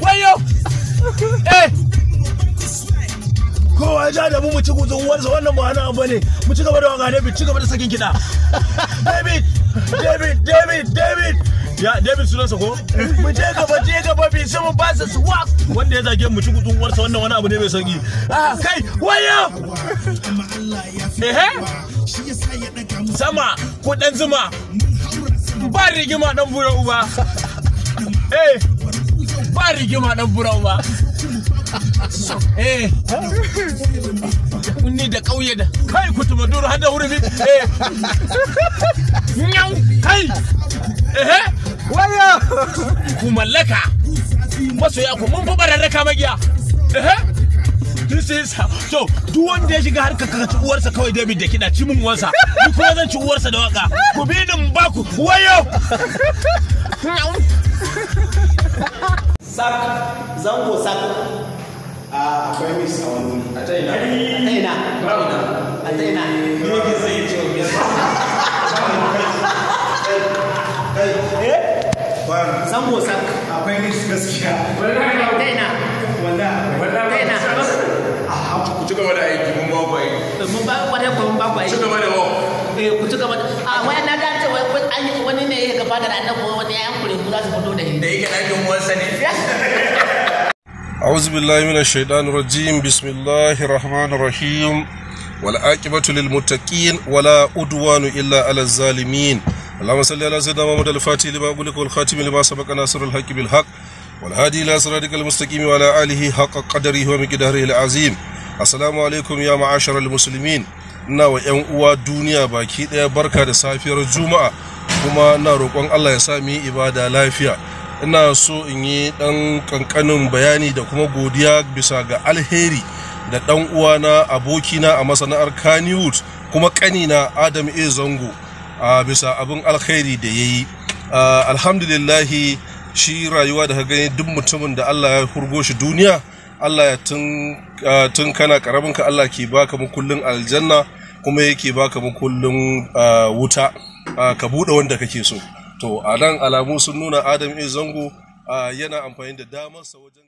wayo eh kowa ja da mu mu ci gutsun uwarsa wannan ba wani abu ne mu ci gaba da waka David ci gaba da sakin kiɗa David David David David ya David sunansa ko mu je gaba je gaba bi sai mu ba su swag wanda ya zage mu ci gutsun uwarsa wannan wani abu ne mai sauki ah kai waya ehe sama ko dan zuma ba rigima dan bura uba eh ba rigima dan buran ba eh ni da kauye da kai ku tuba duru hada da wuri eh nyau kai eh waya ku mallaka masoya ku mun fi bararraka magiya eh this is so duk wanda ya shiga harkar kaga uwarsa kawai David da kiɗa ci min uwarsa ni kuma zan ci uwarsa da waka ku bi ni ba ku wayo sak zango sak a ah, akwai mai a wani a ta ina a ina a ta ina ke sai ce wa zango sak akwai mis gaskiya ta ina wanda a ina ku ci gaba da aiki mun ba a aiki mun ba ku aiki mun ba ku aiki ci gaba da wa eh ku ci gaba a wai na ga ce wani ne ya gaba da annabi wani ya yankure ku za su fito da shi da yake ɗakin uwansa ne أعوذ بالله من الشيطان الرجيم بسم الله الرحمن الرحيم والعاقبة للمتقين ولا عدوان إلا على الظالمين اللهم صل على سيدنا محمد الفاتح لما أغلق والخاتم لما سبق ناصر الحق بالحق والهادي إلى صراطك المستقيم وعلى آله حق قدره ومقداره العظيم السلام عليكم يا معاشر المسلمين ina wa 'yan uwa duniya baki ɗaya barka da safiyar juma'a kuma na roƙon allah ya sa mu ibada lafiya ina so in yi ɗan ƙanƙanin bayani da kuma godiya bisa ga alheri da ɗan uwana abokina a masana'ar kannywood kuma ƙanina adam a zango a bisa abin alheri da ya yi alhamdulillahi shi rayuwa da gani duk mutumin da allah ya hurgo shi duniya allah ya tun kana ƙaramin ka allah ke baka mu kullun aljanna kuma yake baka makullin wuta ka buɗe wanda kake so to a nan alamu sun nuna adam zango yana amfani da damarsa wajen